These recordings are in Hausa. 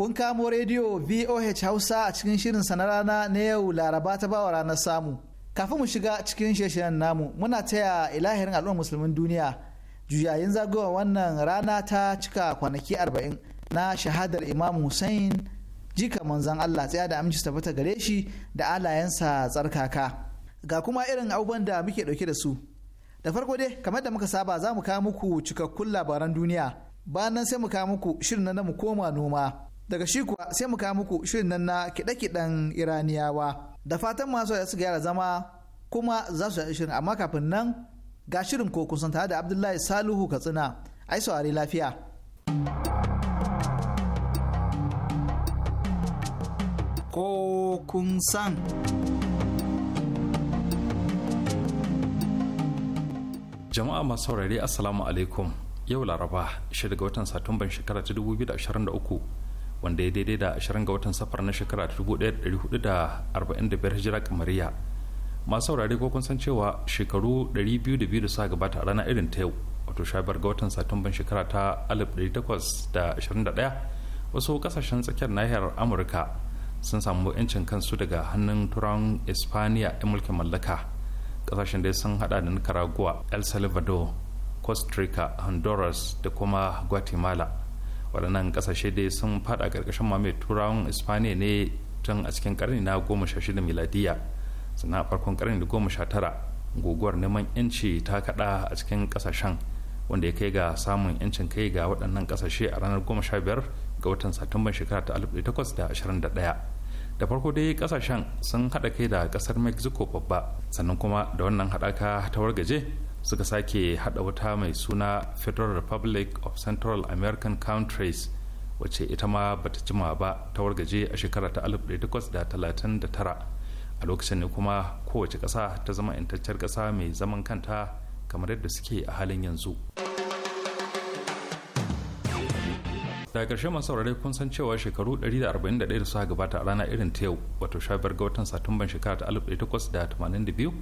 kun kamo rediyo VOH Hausa a cikin shirin na rana na yau Laraba ta bawa ranar samu. Kafin mu shiga cikin shirin namu muna taya ilahirin al'ummar musulmin duniya juyayin zagowa wannan rana ta cika kwanaki arba'in na shahadar Imam Hussein jika manzan Allah tsaya da aminci tabbata gare shi da alayensa tsarkaka. Ga kuma irin abubuwan da muke dauke da su. Da farko dai kamar da muka saba za mu kawo muku cikakkun labaran duniya. Bayan nan sai mu kawo muku shirin na mu koma noma. daga shi kuwa sai mu kawo muku shirin nan na kiɗe-kiɗen iraniyawa da fatan masu da su gyara zama kuma za su shirin amma kafin nan ga shirin ko kusan tare da abdullahi saluhu katsina ai saurari lafiya ko kun san jama'a masu saurari assalamu alaikum yau laraba 6 ga watan satumban shekara ta 2023 wanda ya daidai da 20 ga watan safar na shekara 1445 hijira kamariya masu saurare ko kun san cewa shekaru 202 da suka gabata a ranar irin ta yau wato shabar ga watan satumban shekara ta 1821 wasu kasashen tsakiyar nahiyar amurka sun samu 'yancin kansu daga hannun turan espaniya 'yan mulkin mallaka kasashen dai sun hada da nicaragua el salvador costa rica honduras da kuma guatemala waɗannan ƙasashe dai sun faɗa ƙarƙashin mamayar turawan ispaniya ne tun a cikin ƙarni na goma sha shida miladiya sannan farkon ƙarni da goma sha tara guguwar neman yanci ta kaɗa a cikin ƙasashen wanda ya kai ga samun yancin kai ga waɗannan ƙasashe a ranar goma sha biyar ga watan satumban shekara ta alif takwas da ashirin da ɗaya da farko dai ƙasashen sun haɗa kai da ƙasar mexico babba sannan kuma da wannan haɗaka ta wargaje suka sake hada wuta mai suna federal republic of central american countries wace ita ma bata jima ba ta wargaje a shekara ta 1839 a lokacin ne kuma kowace kasa ta zama intacciyar kasa mai zaman kanta kamar yadda suke a halin yanzu daga ƙarshe masu saurare kun san cewa shekaru 141 da suka gabata a rana irin ta yau wato shabar ga watan satumban shekara ta 1882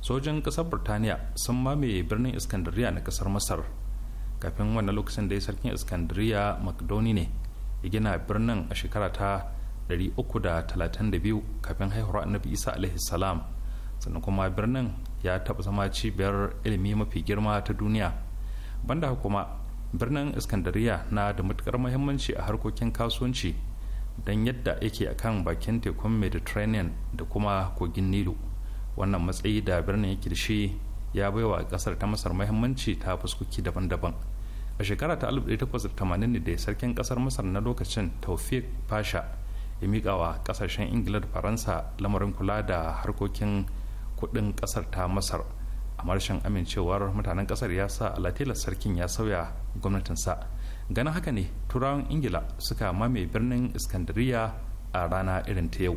sojin kasar burtaniya sun mamaye birnin iskandariya na kasar masar kafin wannan lokacin da ya sarkin iskandariya makdoni ne ya gina birnin a shekara ta 332 kafin haihuwar annabi isa alaihi salam sannan kuma birnin ya taɓa zama cibiyar ilimi mafi girma ta duniya banda kuma birnin iskandariya na da matukar muhimmanci a harkokin kasuwanci don yadda yake akan bakin tekun mediterranean da kuma kogin nilu wannan matsayi da birnin yake shi ya baiwa kasar ta masar muhimmanci ta fuskoki daban-daban a shekara ta 1880 da sarkin kasar masar na lokacin taufik pasha ya miƙa wa kasashen ingila da faransa lamarin kula da harkokin kudin kasar ta masar a marshen amincewar mutanen kasar ya sa alatilar sarkin ya sauya gwamnatinsa ganin haka ne turawan ingila suka mame birnin iskandariya a rana irin ta yau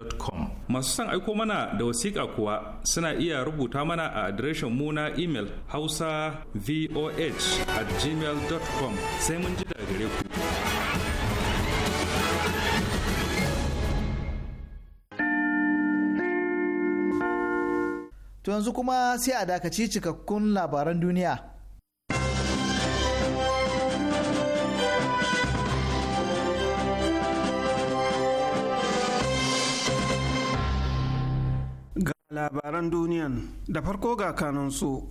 gmail.com masu son aiko mana da wasiƙa kuwa suna iya rubuta mana a adireshin mu na imel hausa voh at gmail.com sai mun ji daga gare ku To yanzu kuma sai a dakaci cikakkun labaran duniya. labaran duniyan da farko ga su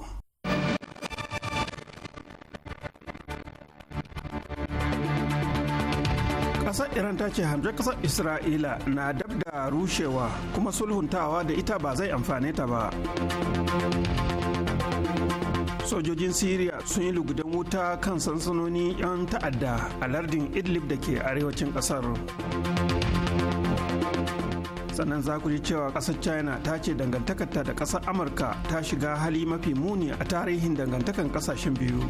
ƙasar iran ta ce hamjar ƙasar isra'ila na dab da rushewa kuma sulhuntawa da ita ba zai amfane ta ba sojojin syria sun yi lugudan wuta kan sansanoni 'yan ta'adda a lardin idlib da ke arewacin kasar. sannan za ku ji cewa ƙasar china ta ce dangantakarta da ƙasar amurka ta shiga hali mafi muni a tarihin dangantakan ƙasashen biyu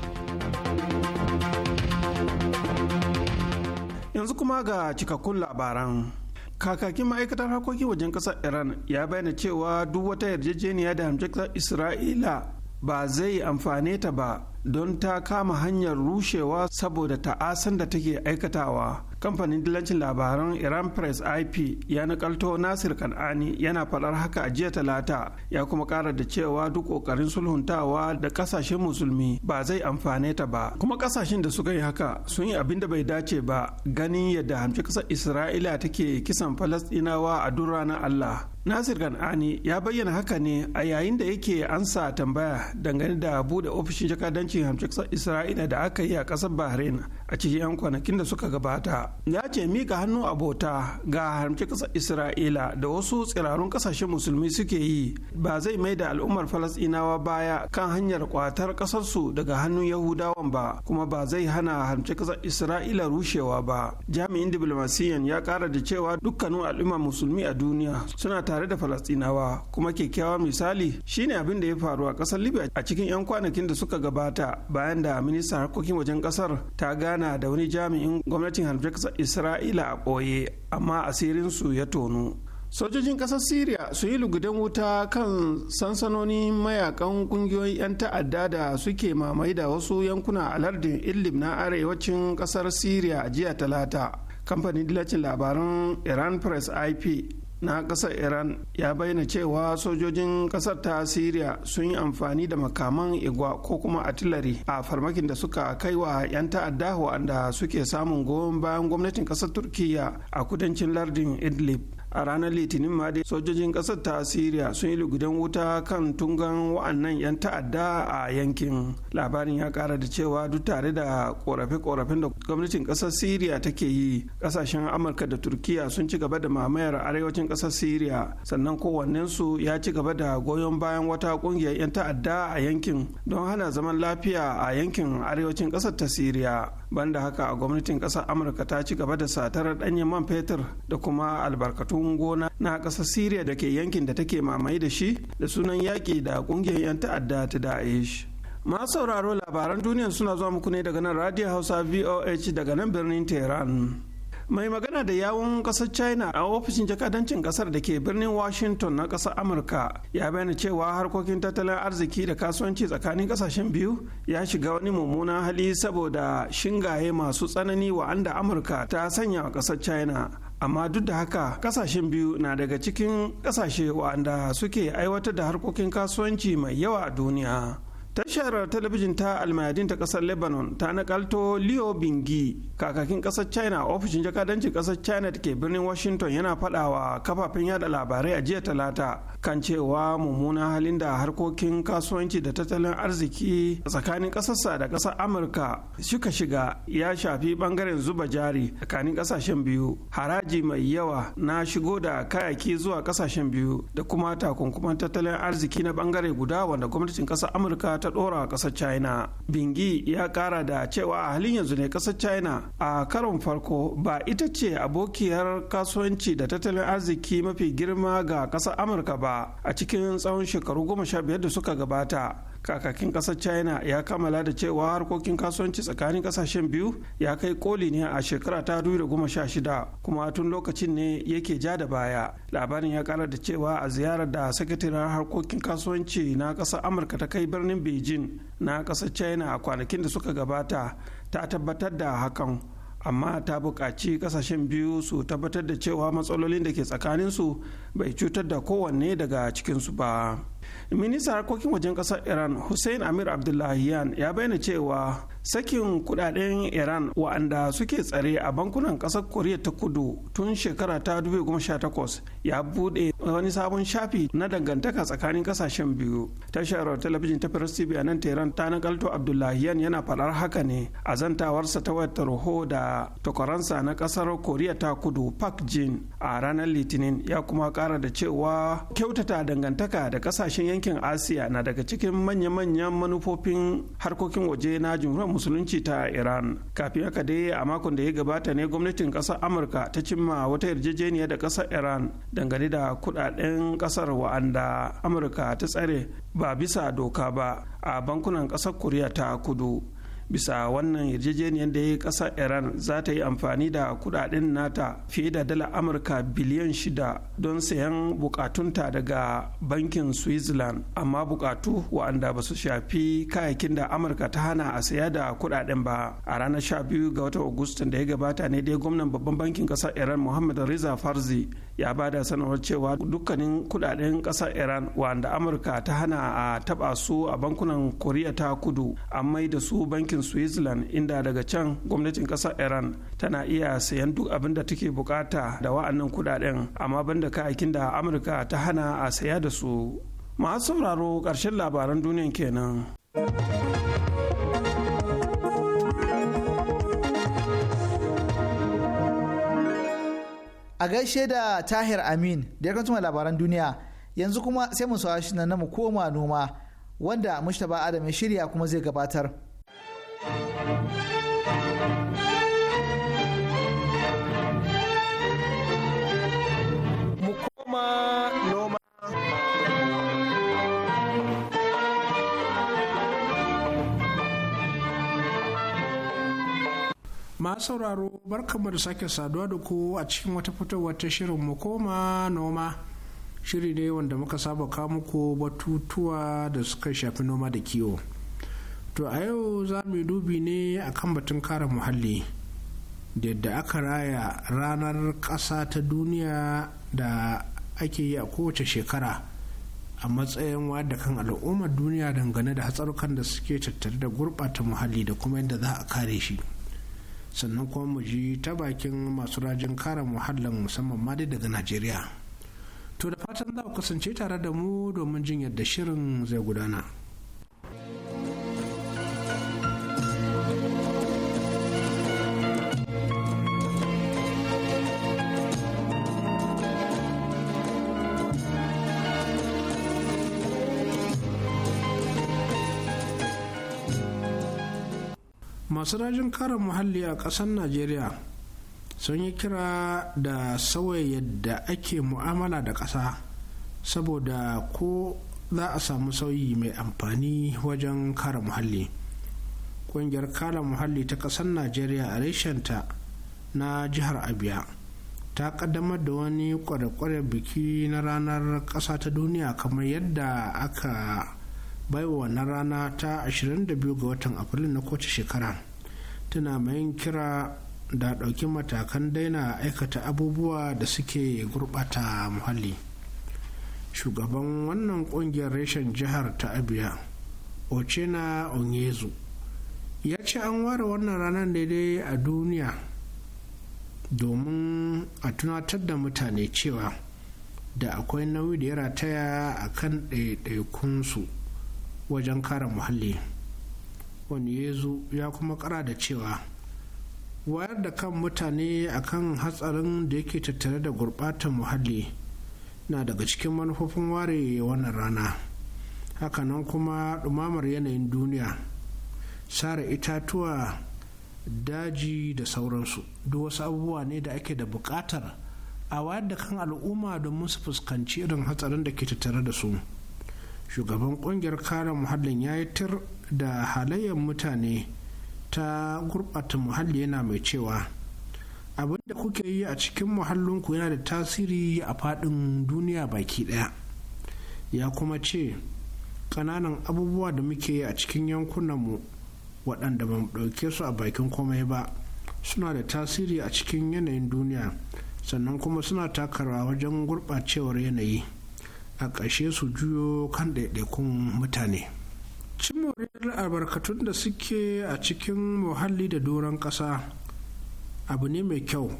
yanzu kuma ga cikakkun labaran kakakin ma'aikatar harkokin wajen ƙasar iran ya bayyana cewa duk wata yarjejeniya da hamjakar isra'ila ba zai amfane ta ba don ta kama hanyar rushewa saboda ta'asan da take aikatawa kamfanin dillancin labaran iran press ip ya nakalto nasir kan'ani yana faɗar haka a jiya talata ya kuma ƙara da cewa duk ƙoƙarin sulhuntawa da ƙasashen musulmi ba zai amfane ta ba kuma ƙasashen da suka yi haka sun yi abin da bai dace ba ganin yadda hamshi ƙasar isra'ila take kisan falasɗinawa a duk ranar allah nasir gan'ani ya bayyana haka ne a yayin da yake ansa tambaya dangane da bude ofishin jakadancin hamshin isra'ila da aka yi a ƙasar bahrain a cikin 'yan kwanakin da suka gabata ya ce mika hannu abota ga harmci ƙasar isra'ila da wasu tsirarun kasashen musulmi suke yi ba zai mai da al'ummar falastinawa baya kan hanyar kwatar kasarsu daga hannun yahudawan ba kuma ba zai hana harmci ƙasar isra'ila rushewa ba jami'in diplomasiyan ya kara da cewa dukkanin al'ummar musulmi a duniya suna tare da falasɗinawa kuma kyakkyawan misali shine abin da ya faru a ƙasar libya a cikin 'yan kwanakin da suka gabata bayan da ministan harkokin wajen ƙasar ta gane ana da wani jami'in gwamnatin hamshaksar isra'ila a ɓoye amma asirinsu ya tonu sojojin ƙasar syria su yi lugudan wuta kan sansanonin mayakan ƙungiyoyin 'yan ta'adda da suke mamaye da wasu yankuna a lardin illim na arewacin ƙasar syria jiya talata kamfanin dillacin labaran iran press ip na ƙasar iran ya bayyana cewa sojojin ƙasar ta syria sun yi amfani da makaman igwa ko kuma atilari a farmakin da suka kai wa 'yan ta'adda wa'anda suke samun goyon bayan gwamnatin ƙasar turkiya a kudancin lardin idlib a ranar litinin ma dai sojojin kasar ta siriya sun yi lugudan wuta kan tungan wa'annan 'yan ta'adda a yankin labarin ya kara da cewa duk tare da korafe-korafen da gwamnatin kasar siriya take yi kasashen amurka da turkiya sun ci gaba da mamayar arewacin kasar siriya sannan kowannensu ya ci gaba da goyon bayan wata kungiyar 'yan ta'adda a yankin don hana zaman lafiya a yankin arewacin kasar ta siriya banda haka a gwamnatin kasar amurka ta ci gaba da satarar danyen man fetur da kuma albarkatun gona na kasar syria da ke yankin da take mamaye da shi da sunan yaƙi da ƙungiyar 'yan ta'adda ta daesh masu sauraro labaran duniya suna zuwa muku ne daga nan radio hausa voh daga nan birnin tehran mai magana da yawon kasar china a ofishin jakadancin kasar da ke birnin washington na kasar amurka ya bayyana cewa harkokin tattalin arziki da kasuwanci tsakanin kasashen biyu ya shiga wani mummunan hali saboda shingaye masu tsanani wa'anda amurka ta sanya wa kasar china amma duk da haka kasashen biyu na daga cikin kasashe wa'anda suke aiwatar da harkokin kasuwanci mai yawa a duniya tashar talabijin ta almayadin ta kasar lebanon ta nakalto leo bingi kakakin kasar china ofishin jakadancin kasar china da ke birnin washington yana fadawa kafafen yada labarai a jiya talata kan cewa mummunan halin da harkokin kasuwanci da tattalin arziki tsakanin kasarsa da kasar amurka suka shiga ya shafi bangaren zuba jari tsakanin kasashen biyu haraji mai yawa na shigo da kayaki zuwa kasashen biyu da kuma takunkuman tattalin arziki na bangare guda wanda gwamnatin kasar amurka ta dora a kasar china bingi ya kara da cewa a halin yanzu ne kasar china a karon farko ba ita ce abokiyar kasuwanci da tattalin arziki mafi girma ga kasar amurka ba a cikin tsawon shekaru goma sha biyar da suka gabata kakakin kasar china ya kammala da cewa harkokin kasuwanci tsakanin kasashen biyu ya kai koli ne a shekara ta shida kuma tun lokacin ne yake ja da baya labarin ya kara da cewa a ziyarar da sakataren harkokin kasuwanci na kasar amurka ta kai birnin beijing na kasar china a kwanakin da suka gabata ta tabbatar da hakan amma ta buƙaci ƙasashen biyu su tabbatar da cewa matsalolin da ke tsakaninsu bai cutar da kowanne daga cikinsu ba ministan harkokin wajen ƙasar iran hussein amir abdullahiyan ya bayyana cewa sakin kudaden iran wa'anda suke tsare a bankunan ƙasar koriya ta kudu tun shekara ta 2018 ya buɗe wani sabon shafi na dangantaka tsakanin kasashen biyu tashar talabijin ta firas tv a nan teran ta nakalto abdullahiyan yana faɗar haka ne a zantawarsa ta wayar tarho da takwaransa na kasar koriya ta kudu park jin a ranar litinin ya kuma kara da cewa kyautata dangantaka da kasashen yankin asiya na daga cikin manya-manyan manufofin harkokin waje na jumhuriyar musulunci ta iran kafin haka dai a makon da ya gabata ne gwamnatin ƙasar amurka ta cimma wata yarjejeniya da ƙasar iran dangane da kuɗa kudaden kasar wa'anda amurka ta tsare ba bisa doka ba a bankunan kasar koriya ta kudu bisa wannan yarjejeniyar da ya kasar iran za ta yi amfani da kudaden nata fiye da dala amurka biliyan shida don sayan bukatunta daga bankin switzerland amma bukatu wa'anda ba su shafi kayakin da amurka ta hana a saya da kudaden ba a ranar 12 ga watan agustan da ya gabata ne dai gwamnan babban bankin kasar iran muhammad riza farzi ya ba da sanarwar cewa dukkanin kudaden kasar iran wanda amurka ta hana a taba su a bankunan koriya ta kudu an mai da su bankin switzerland inda daga can gwamnatin kasar iran tana iya sayan duk abin da take bukata da wa'annan kudaden amma banda kayakin da amurka ta hana a saya da su masu sauraro karshen labaran duniyan kenan. a gaishe da tahir amin da ya kantuma labaran duniya yanzu kuma sai mu saurari shi na mu koma noma wanda mustaba adam ya shirya kuma zai gabatar. masu sauraro barkamu da sake saduwa da ku a cikin wata fitowar ta shirin mu koma noma shiri ne wanda muka saba kawo muku batutuwa da suka shafi noma da kiwo to a yau za mu yi dubi ne akan batun kare muhalli da yadda aka raya ranar ƙasa ta duniya da ake yi a kowace shekara a matsayin da kan al'ummar duniya dangane da hatsarukan da suke tattare da gurɓata muhalli da kuma yadda za a kare shi sannan kuma mu ji ta bakin masu rajin kare muhallin musamman ma daga najeriya to da fatan za ku kasance tare da mu domin jin yadda shirin zai gudana. masu rajin kare muhalli a ƙasar najeriya sun yi kira da sauya yadda ake mu'amala da ƙasa saboda ko za a samu sauyi mai amfani wajen kare muhalli ƙungiyar kare muhalli ta ƙasar najeriya a reshenta na jihar abia ta kaddamar da wani kware-kware biki na ranar ƙasa ta duniya kamar yadda aka baiwa wannan rana ta 22 ga watan afrilu na kowace shekara tana mayin kira da ɗauki matakan daina aikata abubuwa da suke gurɓata muhalli shugaban wannan ƙungiyar reshen jihar ta abia ochena onyezu ya ce an ware wannan ranar daidai a duniya domin a tunatar da mutane cewa da akwai nauyi da ya rataya a kan ɗaiɗaikunsu wajen kare muhalli wani yezu ya kuma kara da cewa wayar da kan mutane akan hatsarin da yake tattare da gurbatar muhalli na daga cikin manufofin ware wannan rana hakanan kuma dumamar yanayin duniya sare itatuwa daji da sauransu duk wasu abubuwa ne da ake da bukatar a wayar da kan al'umma domin su fuskanci irin hatsarin da ke tattare da su. shugaban kungiyar kare muhallin ya yi tir da halayyar mutane ta gurɓata muhalli yana mai cewa abin da kuke yi a cikin muhallinku yana da tasiri a faɗin duniya baki ɗaya ya kuma ce ƙananan abubuwa da muke yi a cikin yankunanmu waɗanda ba mu ɗauke su a bakin komai ba suna da tasiri a cikin yanayin duniya sannan kuma suna takarawa wajen gurɓacewar yanayi. a ƙashe su juyo kan ɗaiɗaikun mutane cin moriyar albarkatun da suke a cikin muhalli da doron ƙasa abu ne mai kyau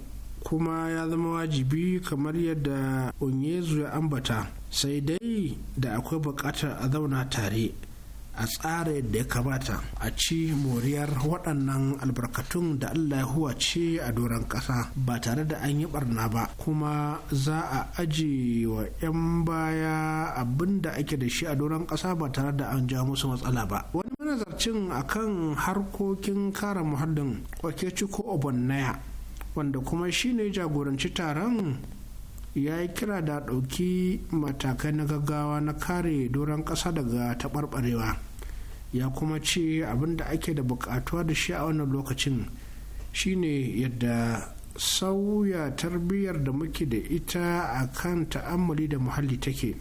kuma ya zama wajibi kamar yadda onyezu ya ambata sai dai da akwai buƙatar a zauna tare a tsara yadda ya kamata a ci moriyar waɗannan albarkatun da Allah ya ce a doron ƙasa ba tare da an yi barna ba kuma za a aji wa 'yan baya abin da ake da shi a doron ƙasa ba tare da an ja musu matsala ba wani manazarcin a kan harkokin kare muhallin kwake ko obonnaya wanda kuma shi ne jagoranci taron ya yi kira da ɗauki matakai na gaggawa na kare doron ƙasa daga taɓarɓarewa ya kuma ce abin da ake da bukatuwa da shi a wannan lokacin shine yadda sauya tarbiyyar da muke da ita a kan ta'ammali da muhalli take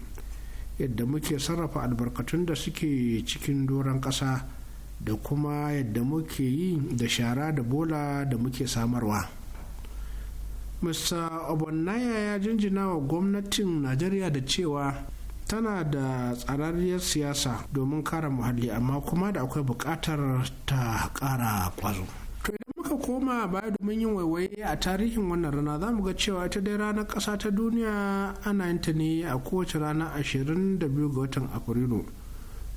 yadda muke sarrafa albarkatun da suke cikin doron ƙasa da kuma yadda muke yi da shara da bola da muke samarwa mr obannaya ya jinjina wa gwamnatin najeriya da cewa tana da tsararriyar siyasa domin kara muhalli amma kuma da akwai buƙatar ta ƙara kwazo To idan muka koma baya domin yin waiwaye a tarihin wannan rana za mu ga cewa ita dai ranar ƙasa ta duniya ana yin ta ne a kowace rana 22 ga watan Afrilu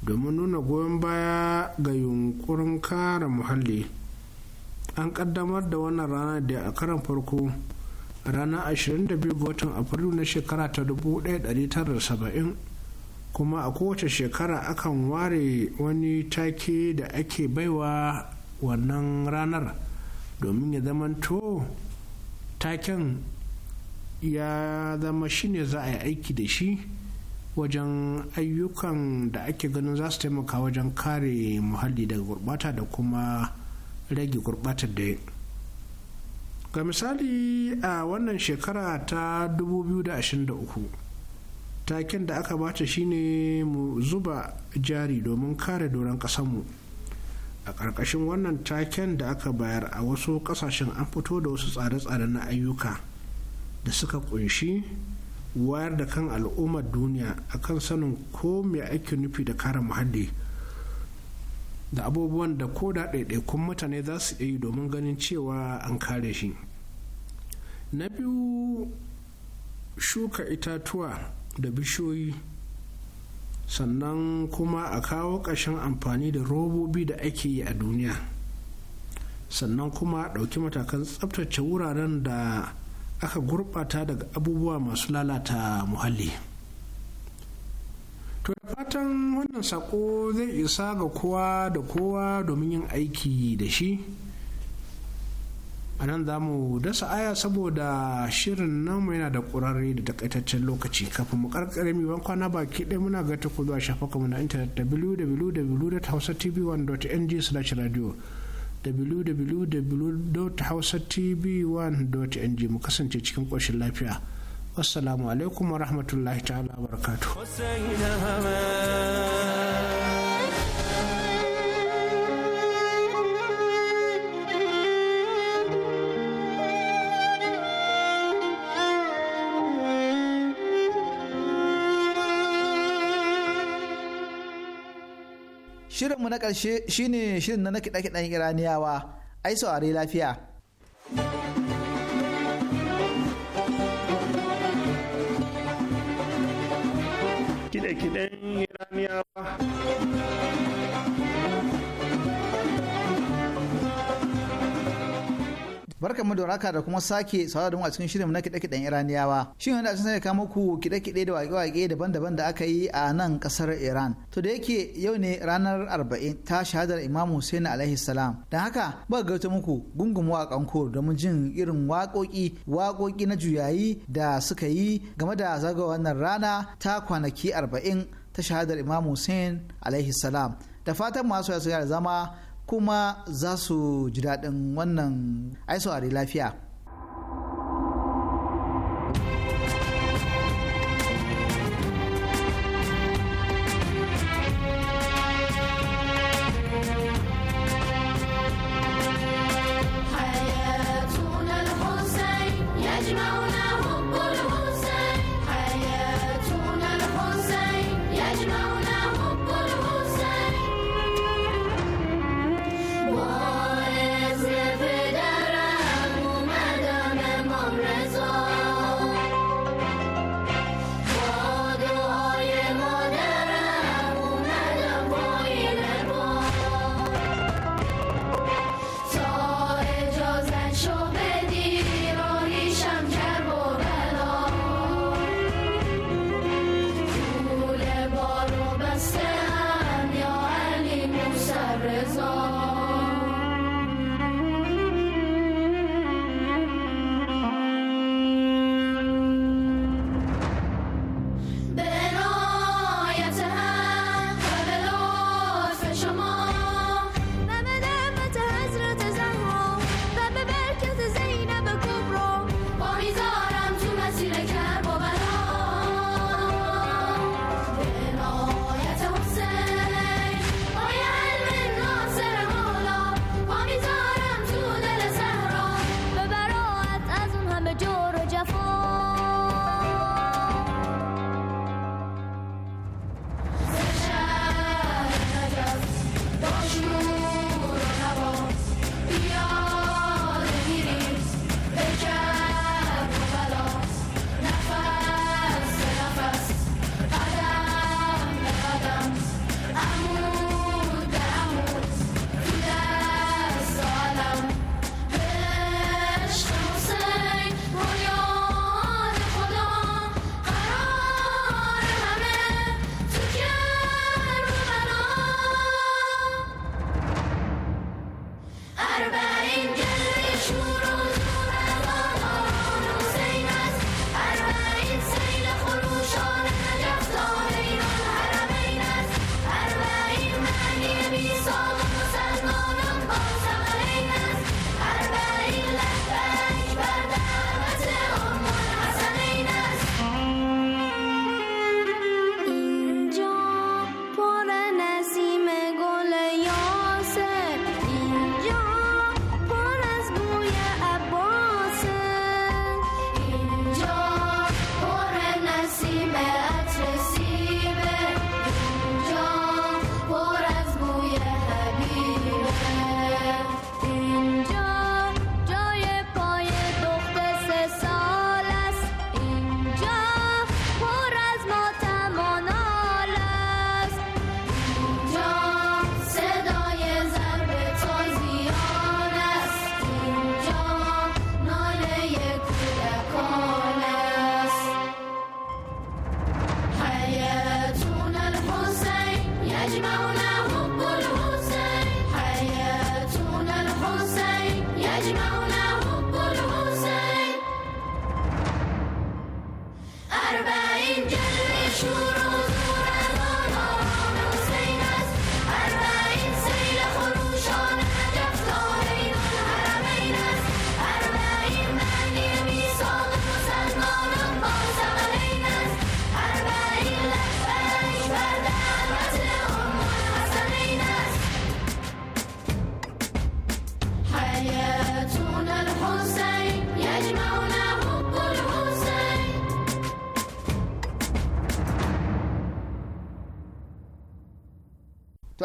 domin nuna goyon baya ga yunkurin kara muhalli. An ƙaddamar da wannan rana da a karan farko ranar 22 ga watan afrilu na shekara ta 1970 kuma a kowace shekara akan ware wani take da ake baiwa wannan ranar domin ya zamanto taken ya zama shine za a yi aiki da shi wajen ayyukan da ake ganin za su taimaka wajen kare muhalli daga gurbata da kuma rage gurbatar da ga misali a wannan shekara ta 2023 taken da aka bata shine mu zuba jari domin kare doron kasanmu a ƙarƙashin wannan taken da aka bayar a wasu ƙasashen an fito da wasu tsare-tsare na ayyuka da suka kunshi wayar da kan al'ummar duniya akan sanin ko mai ake nufi da kare muhalli da abubuwan da ko da ɗaiɗaikun mutane za su yi domin ganin cewa an kare shi na biyu shuka itatuwa da bishiyoyi sannan kuma a kawo ƙashin amfani da robobi da ake yi a duniya sannan kuma a ɗauki matakan tsabtace wuraren da aka gurɓata daga abubuwa masu lalata muhalli. fatan wannan sako zai isa ga kowa da kowa domin yin aiki da shi a nan za mu dasa aya saboda shirin nan mu yana da ƙurare da takaitaccen lokaci kafin mu karkare miwan kwana baki ɗaya muna ga ku zuwa kamar na intanet www.hausatv1.ng/radio www.hausatv1.ng mu kasance cikin ƙoshin lafiya wassalamu alaikum wa rahmatullahi ta'ala barakatu Shirinmu na ƙarshe shine shirin na kiɗa-kiɗan Iraniyawa, ai saurari lafiya. iraniyawa barka mu da da kuma sake sawa da mu a cikin shirin na kiɗe-kiɗen iraniyawa shin wanda sun ka muku kiɗe-kiɗe da waƙe-waƙe daban-daban da aka yi a nan ƙasar iran to da yake yau ne ranar arba'in ta shahadar imam hussein alaihi salam don haka ba gauta muku gungun waƙan ko domin jin irin waƙoƙi waƙoƙi na juyayi da suka yi game da zagawa wannan rana ta kwanaki arba'in ta shahadar imam hussein alaihi salam da fatan masu ya zama kuma za su ji daɗin wannan aiso lafiya.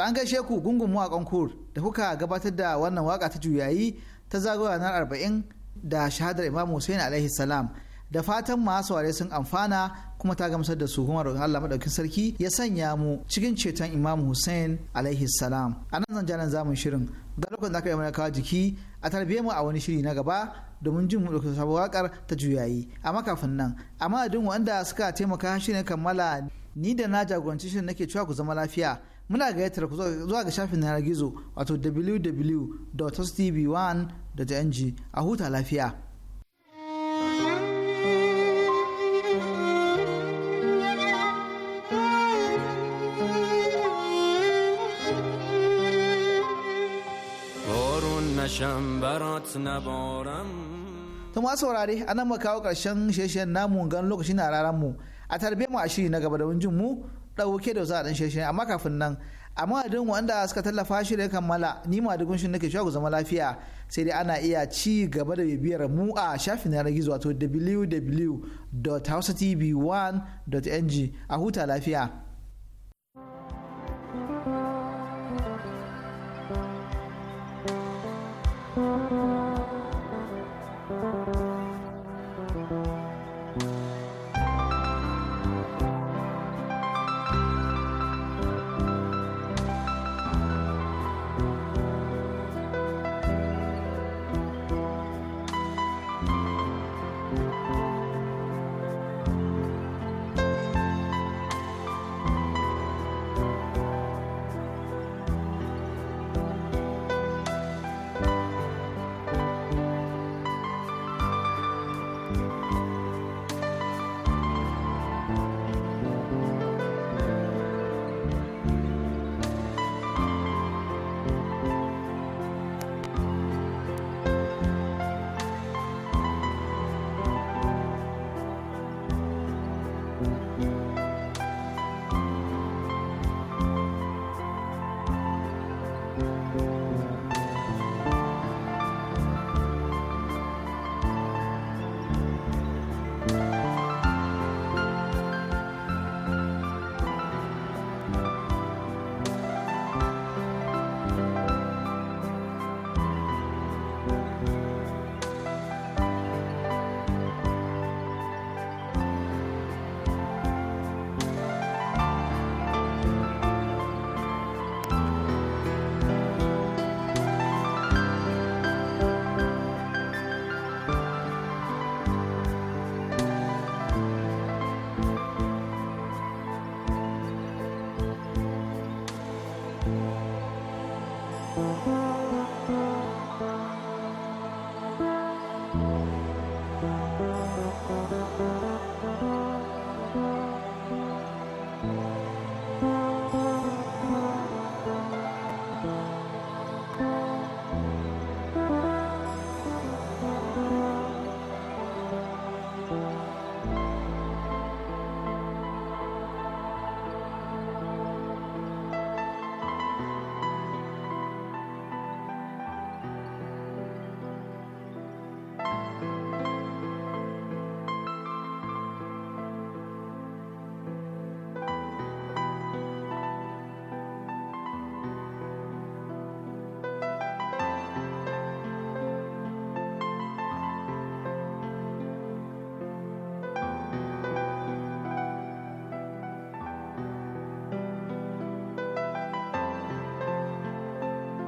an gaishe ku gungun a kur da kuka gabatar da wannan waka ta juyayi ta zagaya ranar arba'in da shahadar imam hussein alaihi salam da fatan masu ware sun amfana kuma ta gamsar da su kuma roƙon Allah maɗaukin sarki ya sanya mu cikin ceton Imam Hussein alaihi salam a nan zanjanan zamun shirin ga lokacin da aka yi mana kawo jiki a tarbiyyar mu a wani shiri na gaba domin jin mu ɗauki sabuwar waƙar ta juyayi a makafin nan amma duk wanda suka taimaka shirin kammala ni da na jagoranci shirin nake cewa ku zama lafiya muna gayyatar ku zuwa ga shafin yanar gizo wato www.tv1.ng a huta lafiya. ta to ma saurare anan mu karshen sheshen namu gan lokaci na raran mu a tarbe mu a shiri na gaba da jin mu ɗauke da za a ɗan shirye amma kafin nan a madadin wanda suka tallafa shi da kammala ni ma dukkan shi nake ku zama lafiya sai dai ana iya ci gaba da bibiyar mu a shafin yanar gizo wato www.hausatv1.ng a huta lafiya.